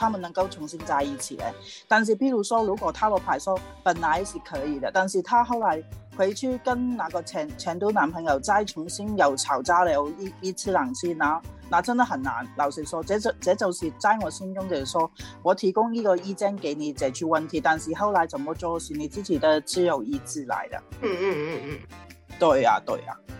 他們能夠重新在一起嘅，但是，比如說，如果他個牌數本來是可以嘅，但是他後來回去跟那個前前度男朋友再重新又吵架了，一呢次兩次，那那真的很難老實說，這這就是在我心中嘅說，我提供呢個意見給你解決問題，但是後來怎麼做是你自己的自由意志嚟嘅。嗯嗯嗯嗯，嗯嗯對呀、啊、對呀、啊。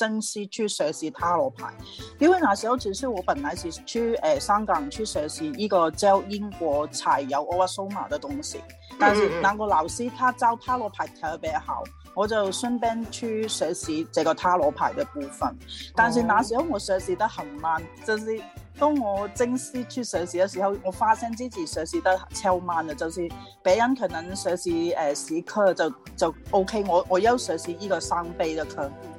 正式去學習塔羅牌，因為那時候其實我本來是去誒三間去學習依個 j o 英國柴油 o v e r s u 嘅東西，但是那個老師他教塔羅牌睇得比較好，我就順便去學習這個塔羅牌嘅部分。但是那時候我學習得很慢，就是當我正式去學習嘅時候，我發現自己學習得超慢的，就是別人可能學習誒市區就就 OK，我我要學習依個三倍嘅區。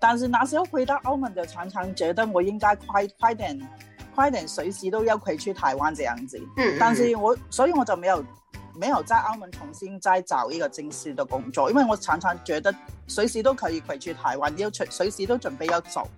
但是那時候回到澳門就常常覺得我應該快，快點，快點隨時都要回去台灣這樣子，嗯嗯嗯，但是我所以我就沒有沒有在澳門重新再找一個正式的工作，因為我常常覺得隨時都可以回去台灣，要隨，隨時都準備要做。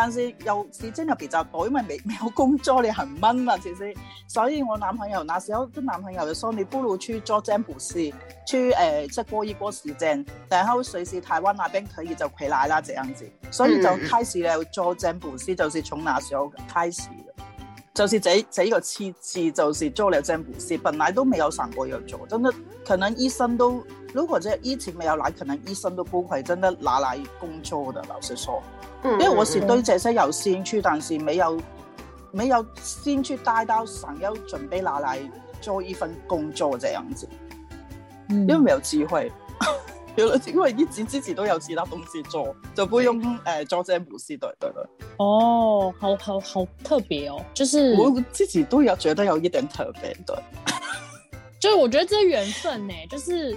但是又時間入邊就多，因為未未有工作你係悶啦，其實，所以我男朋友那時候啲男朋友就話：你不如出做占卜師，出誒即係過一波時間，但係喺隨時、台灣那邊佢就返嚟啦，這樣子。所以就開始咧做占卜師，嗯、就是從那時候開始就是這這個設置就是做嚟占卜師，本來都未有上過嘢做，真係可能醫生都。如果疫情沒有來，可能一生都不會真的拿來工作的。老實說，嗯、因為我是對這些有興趣，但是沒有沒有興趣大到想要準備拿來做一份工作這樣子，嗯、因為沒有機會。 因為自己之前都有其他東西做，就不用誒、嗯呃、做這回事。對對對，哦、oh,，好好好特別哦，就是我自己都有，覺得有一點特別，對， 就是我覺得這緣分呢，就是。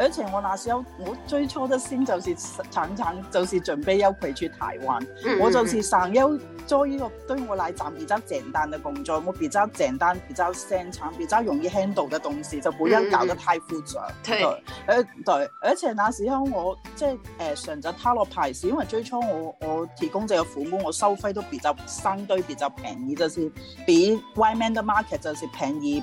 而且我那時候我最初的先就是慘慘，就是準備要回去台灣，mm hmm. 我就是想要做呢個對我來講比較簡單的工作，我比較簡單比較生產，比較容易 handle 的東西，就不要搞得太複雜。mm hmm. 對誒對，對，而且那時候我即係誒上咗塔羅牌，因為最初我我提供這個服務，我收費都比較相對比較便宜，就是比外面的 market 就是便宜。.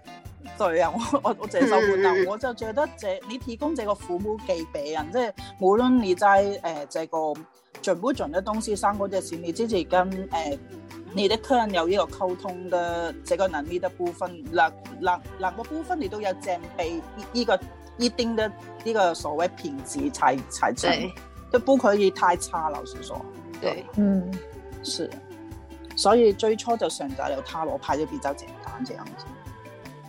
對啊，我我我接受到，我，這、嗯、我就覺得這你提供呢個服務寄俾人，即係無論你齋誒呢個準唔準嘅東西，生嗰隻事，你之前跟誒、呃嗯、你的客人有呢個溝通嘅這個能力的部分，嗱嗱嗱個部分你都有正備呢、這個一定的呢、這個所謂品質才才對，就不可以太差咯，老實說，對，對嗯，是，所以最初就選擇咗塔羅牌咗比較簡單咁樣子。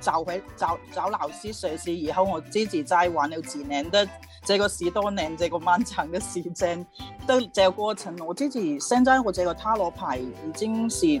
就喺找找老師上師，以後我自己再玩了幾年的，這個十多年，這個漫長的時間，都這個過程，我自己現在我這個塔羅牌已經是。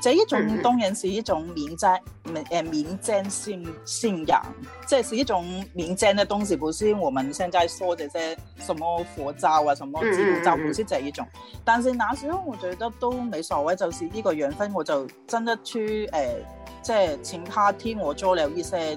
這一種當然是一種免精，唔免精先人，即係是一種免戰嘅東西，不是我們現在說這些什麼火罩啊，什麼紙罩，不是就係呢種。嗯嗯嗯、但是那時候我覺得都未所謂，就是呢個養分我就爭得出誒，即係前他天我做了一些。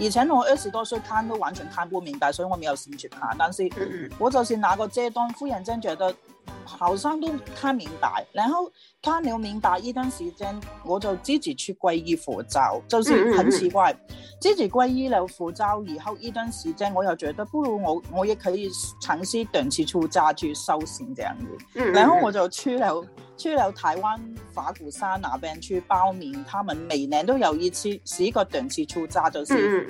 以前我二十多歲看都完全看不明白，所以我沒有興趣看。但是我就是嗰個階段忽然間，真覺得好似都看明白。然後看了明白一段時間，我就自己去皈依佛教，就是很奇怪。嗯嗯嗯，自己皈依了佛教，以後一段時間我又覺得不如我，我亦可以嘗試短期出家去修行這樣子，然後我就去了，去了台灣法鼓山那邊去報名，他們每年都有一次，係一個短期出家就是。嗯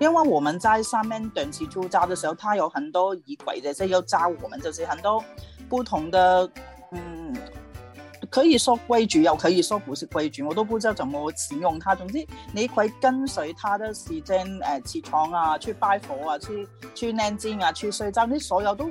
因為我們在上面長期做揸的時候，它有很多儀軌的，即係要揸我們，就是很多不同的，嗯，可以說規矩，又可以說不是規矩，我都不知道怎麼使用它。總之，你佢跟隨它的時間誒起床啊，去拜火啊，去去念經啊，去睡覺你所有都。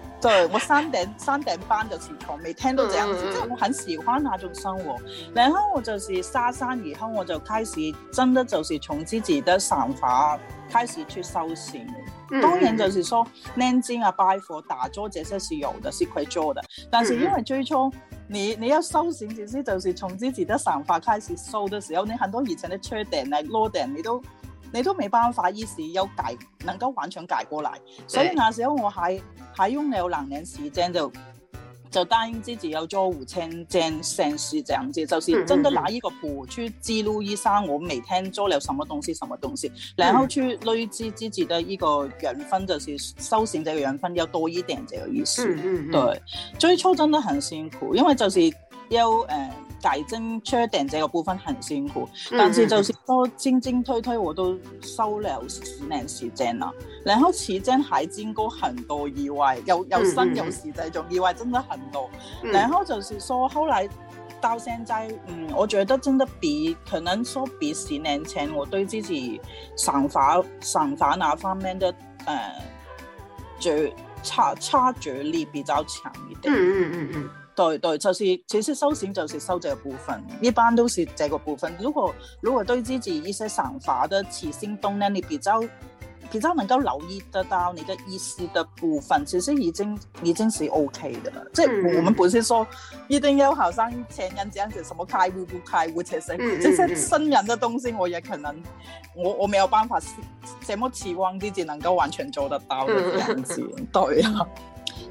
對，我三點三點班就起床，未聽到這樣嘅事，嗯、我很喜歡那種生活。然後我就是沙山，以後我就開始真的就是從自己的散發，開始去修行。當然、嗯、就是說，念經啊，拜佛、打坐這些是有的是可以做的。但是因為最初你你一修行，意思就是從自己的散發開始修的時候，你很多以前的缺點、拉攞你都。你都冇辦法，於是有解能夠完全解過嚟。所以那時候我喺喺用咗兩年時間就就答應自己要做五千件善事，這樣子，就是真的拿依個簿去記錄醫生，我每天做咗啲什麼東西，什麼東西。然後去累積自己嘅，依個養分就是修行者嘅養分，有多依啲就嘅意思。對，最初真的很辛苦，因為就是。要誒大精出訂這個部分很辛苦，嗯、但是就是多精精推推我都收了十年時間啦。然後時間還經過很多意外，有有新有時就係仲意外，真的很多。嗯、然後就是說後來到現在嗯，我覺得真的比可能說比十年前我對自己想法想法那方面的誒，覺、呃、差差距力比較強一點嗯嗯嗯。嗯嗯嗯對對，就是其實收錢就是收這個部分，一般都是這個部分。如果如果對自己一些想法的起心動念，你比較比較能夠留意得到你嘅意思的部分，其實已經已經是 OK 嘅啦。Mm hmm. 即係我們本身說，一定有好生請人講住什麼開悟不開悟，其實這些新嘅東西我也可能，我我冇有辦法這麼期望自己能夠完全做得到呢、mm hmm. 樣嘢。對啊。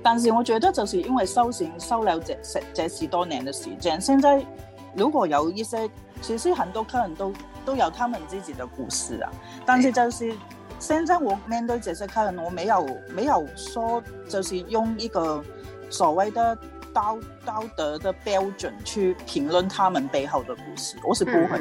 但是我覺得就是因為修行修了這十，這十多年的時間。現在如果有一些，其實很多客人都都有他們自己的故事啊，但是就是現在我面對這些客人，我沒有沒有說，就是用一個所謂的道道德的標準去評論他們背後的故事，我是不會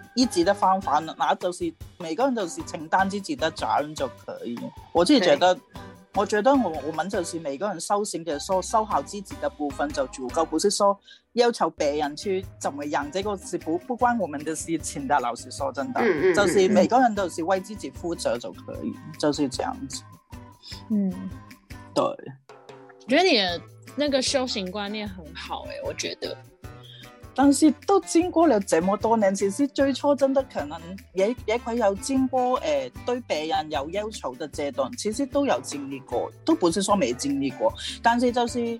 醫治的方法，那就是每個人就是承擔自己的責任就可以。我自己覺得，我覺得我我們就是每個人修行嘅時候，修好自己嘅部分就足夠，不是說要求別人去怎麼樣，這個是不不關我們的事情嘅。老實說真嘅，就是每個人都是為自己負責就可以，就是這樣子。嗯，對，我覺得你那個修行觀念很好，欸，誒，我覺得。但是都經過了這麼多年，其實最初真的可能也也佢有經過誒、呃、對別人有要求的階段，其實都有經歷過，都不是說沒經歷過，但是就是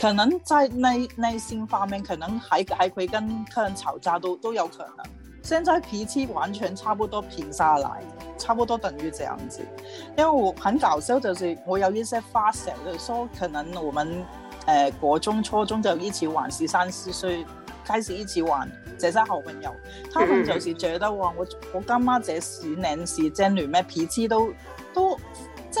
可能在內內心方面，可能還還可跟客人吵架都都有可能。現在脾氣完全差不多平下來，差不多等於這樣子。因為我很搞笑，就是我有一些發小，就說可能我們誒，國、呃、中、初中就一起玩十三四歲開始一起玩這些好朋友，他們就是覺得、嗯、我我家媽這十年時間裏面脾氣都都即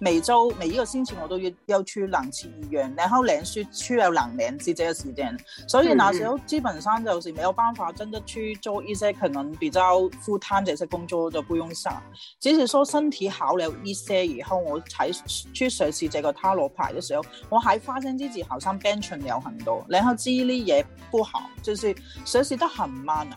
每週每一個星期，我都要去兩次醫院，然後連續去了兩年，是這個時間。所以那時候基本上就是沒有辦法，真的去做一些可能比較 full time 這些工作就不用上。只是說身體好了一些，以後我才去嘗試這個塔羅牌嘅時候，我還發現自己好像 bench 有很多，然後知呢嘢不好，就是學習得很慢啊。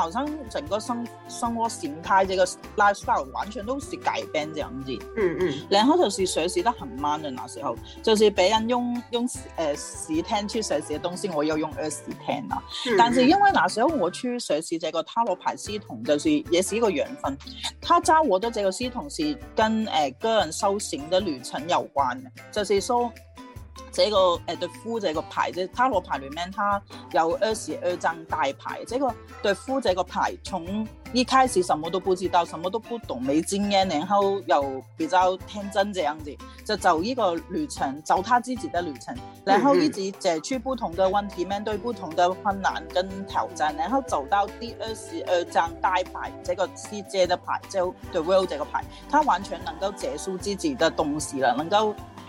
後生整個生生活形態，即、這個 lifestyle，完全都是改變噉樣子，嗯嗯。然後就是上市得很慢嘅，那時候就是俾人用用誒試聽去出上市嘅東西，我又用嚟試聽啦。嗯嗯但是因為那時候我出上市，這個塔羅牌師同就是也是一個養分，他揸我的這個師同是跟誒、呃、個人修行的旅程有關嘅，就是說這個誒、呃、對夫這個牌啫，即他塔羅牌裏面他有二十二張大牌。這個對夫這個牌，從一開始什麼都不知道，什麼都不懂，沒經驗，然後又比較天真這樣子，就走一個旅程，走他自己的旅程，嗯、然後一直解決不同的問題面、嗯、對不同的困難跟挑戰，然後走到第二十二張大牌，這個、牌，這個世界的牌，即係 The World 這個牌，他完全能夠解出自己的東西了能夠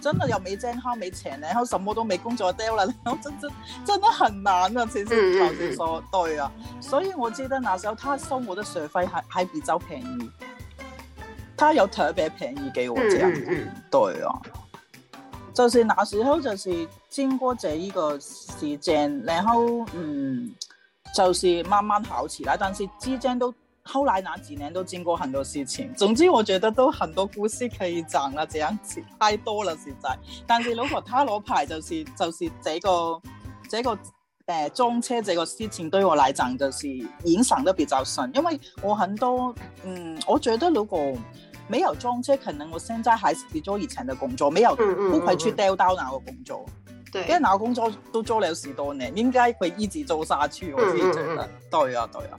真係又未掙，又未錢，然後什麼都未工作掉啦，真真真真難啊！其實頭先講，嗯嗯、對啊，所以我記得那時候，他收我的水費喺比較便宜，他有特別便宜嘅喎，真、嗯嗯、對啊。就是那時候，就是經過這一個事件然後嗯，就是慢慢好起來但是之間都。後來那幾年都經過很多事情，總之我覺得都很多故事可以講了，這樣子太多了，實在。但是如果他攞牌，就是就是這個這個誒裝、呃、車這個事情對我來講就是影響都比較深，因為我很多嗯，我覺得如果沒有裝車，可能我現在還是在做以前的工作，沒有不會去掉到那個工作，嗯嗯嗯、因為那個工作都做了十多年，應該會一直做下去，我覺得對啊、嗯嗯嗯、對啊。對啊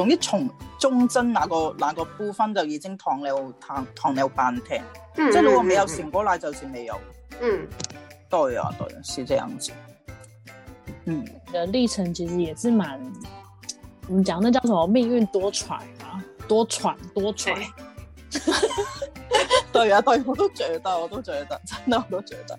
總之從中針那個那個部分就已經躺了躺躺了半天，嗯、即係如果未有成果奶，就是未有嗯對、啊對啊。嗯，都有啊都有，是這樣子。嗯，嘅歷程其實也是蠻，我們講那叫什麼命運多舛啊？多舛多舛、哎 啊。對啊對啊，我都覺得，我都覺得，真的我都覺得。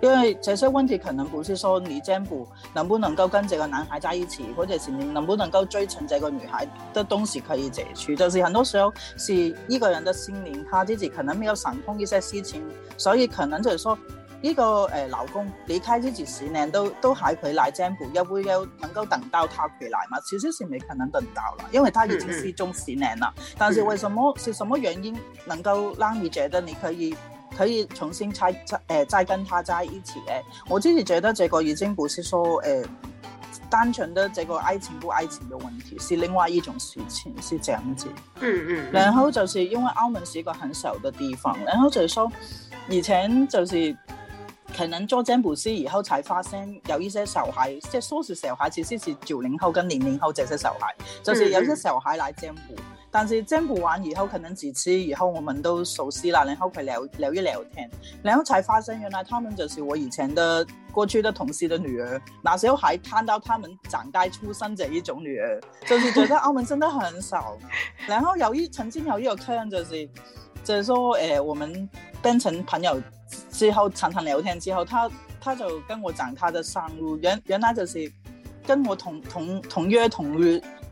因為這些問題可能不是說你占卜能不能夠跟這個男孩在一起，或者是你能不能夠追成這個女孩的東西可以解除，就是很多時候是一個人的心念，他之前可能沒有想通一些事情，所以可能就是說依、這個誒老公離開之前十年都都喺佢來占卜，又會要能夠等到他佢來嘛？少少事唔可能等到啦，因為他已經失蹤十年了 但是為什麼是什麼原因能夠讓你覺得你可以？可以重新再、呃、再跟他在一起嘅。我之前覺得這個已經不是說誒、呃、單純的這個愛情不愛情的問題，是另外一種事情，是這樣子。嗯嗯。嗯，然後就是因為澳門是一個很小的地方，然後就是說以前就是可能做占卜師以後才發現有一些小孩，即係說是小孩，其實是九零後跟零零後這些小孩，就是有些小孩來占卜但是占卜完以後可能幾次以後我們都熟悉了，然後佢聊聊一聊天，然後才發現原來他們就是我以前的過去的同事的女兒，那時候還看到他們長大出生這一種女兒就是覺得澳門真的很少。 然後有一，曾經有一個客人就是就是說誒、呃，我們變成朋友之後常常聊天之後他他就跟我講他的生活，原原來就是跟我同同同月同日。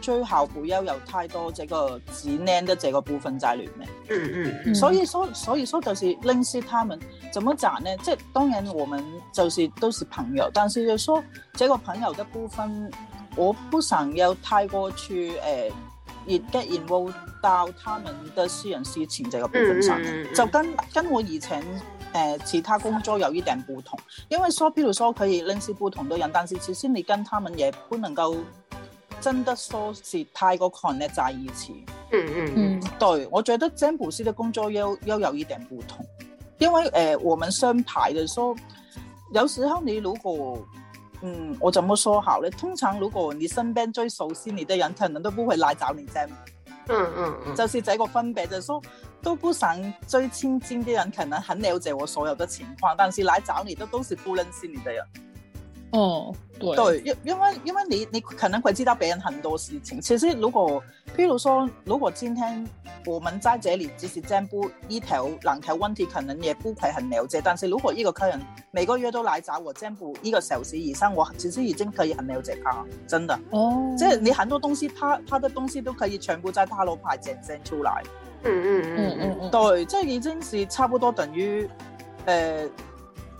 最後不要有太多這個只 l 的這個部分債聯嘅，所以說所以所就是 l i 他們怎麼講呢？即係、就是、當然我們就是都是朋友，但是就是說這個朋友的部分，我不想要太過去誒，而 get involved 到他們的私人私錢這個部分上，嗯嗯嗯、就跟跟我以前誒、呃、其他工作有一點不同，因為說譬如說可以 l i 不同的人，但是其實你跟他們也不能夠真的說是太過狂烈，在一起嗯嗯、mm hmm. 嗯，對，我覺得占卜師的工作要要有又有啲唔同，因為誒、呃，我們雙排的係說，有時候你如果，嗯，我怎麼說好呢？通常如果你身邊最熟悉你的人，可能都不會嚟找你這嗯嗯，mm hmm. 就是這個分別就係說，都不想最親近的人可能很了解我所有的情況，但是嚟找你的都是不認識你的人。哦，對，因因為因為你你可能會知道別人很多事情，其實如果，譬如說如果今天我們在這裡只是占卜一條兩條問題，可能也不會很了解，但是如果一個客人每個月都來找我，占卜一個小時以上，我其實已經可以很了解，真的哦，即係你很多東西，他他的東西都可以全部在塔羅牌展現出來。嗯嗯嗯嗯嗯，嗯嗯嗯對，即係已經是差不多等於誒。呃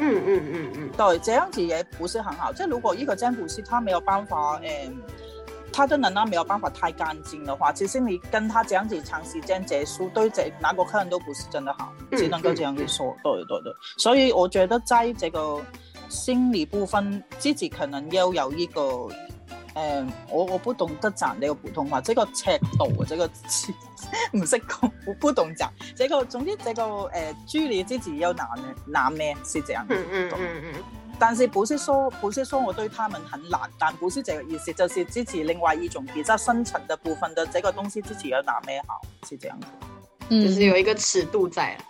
嗯嗯嗯嗯，嗯嗯對，這樣子也不是很好。即係如果呢個占卜師他沒有辦法誒、呃，他的能量沒有辦法太乾淨的話，即使你跟他這樣子長時間接觸對即哪個客人都不是真的好，只能夠這樣子說，嗯、對對對，對。所以我覺得在這個心理部分，自己可能要有一個誒、呃，我我不懂得講這個普通話，這個尺度這個。 唔識講， 我不懂咋？這個總之，這個誒，支持支持有難難咩？是這樣，嗯嗯嗯嗯，是不 但是不是說不是說我對他們很難。但不是這個意思，就是支持另外一種，其他深層的部分的這個東西支持有難咩下？是這樣，嗯，就是有一個尺度在。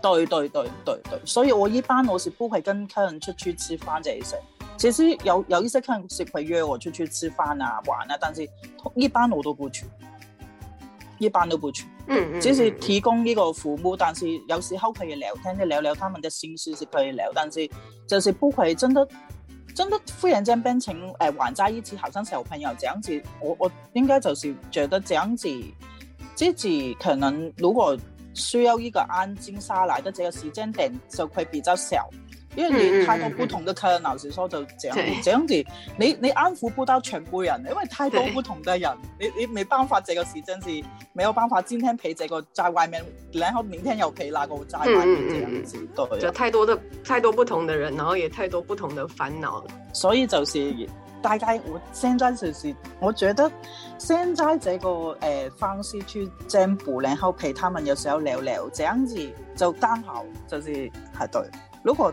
對對對對對，所以我一般我是不會跟客人出去吃飯這些。其實有有一些客人佢約我出去吃飯啊玩啊，但是一般我都不去。一般都不存，只是提供一個父母，嗯嗯嗯，但是有時候可以聊天，聽啲聊聊他們的心事，是可以聊。但是，就是不會真的真的忽然間變成，請誒玩在一起好像小朋友這樣子，我我應該就是覺得這樣子字字可能如果需要一個安靜下來的這個時間點，就會比較少。因為你太多不同嘅客人，老實說，所以、嗯、就這樣。對這樣子，你你安撫不到全部人，因為太多不同嘅人，對你你未辦法這個時陣真是沒有辦法，今天陪這個在外面，然後明天又陪那個在外面，這樣子、嗯、對。就太多的太多不同的人，然後也太多不同的煩惱，所以就是大概我現在就是，我覺得現在這個誒、呃、方式去占卜，然後陪他們有時候聊聊，這樣子就剛好就是係對。如果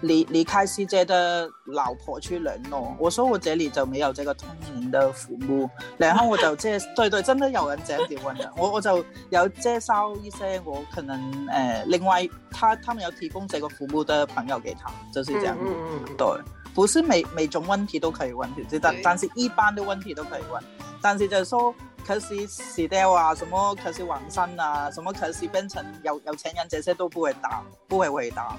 你你開始借的老婆去聯絡，我說我這裏就沒有這個通靈的服務，然後我就即 對，對對，真的有人這樣子問題， 我我就有介紹一些我可能誒、呃，另外他他們有提供這個服務的朋友給他就是這樣，嗯嗯嗯嗯對，不是每每種問題都可以問，只但但是一般的問題都可以問，但是就是說，可是死掉啊什麼，可是紋身啊，什麼可是變成有有錢人這些都不會答，不會回答。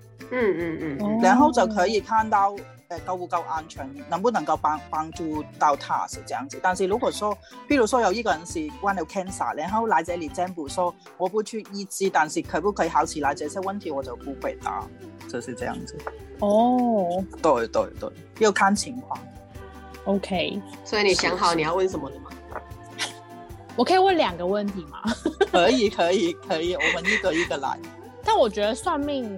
嗯嗯嗯，嗯嗯，然後就可以看到誒夠唔夠安全，能不能夠幫幫助到他，是這樣子。但是如果說，譬如說有一個人是患有 cancer，然後來這裡占卜說，我不去醫治，但是可不可以好起來，這些問題我就不回答，就是這樣子。哦，對對對，對對，要看情況。OK，所以你想好你要問什麼了嗎？我可以問兩個問題嗎？ 可以可以可以，我們一個一個來。 但我覺得算命。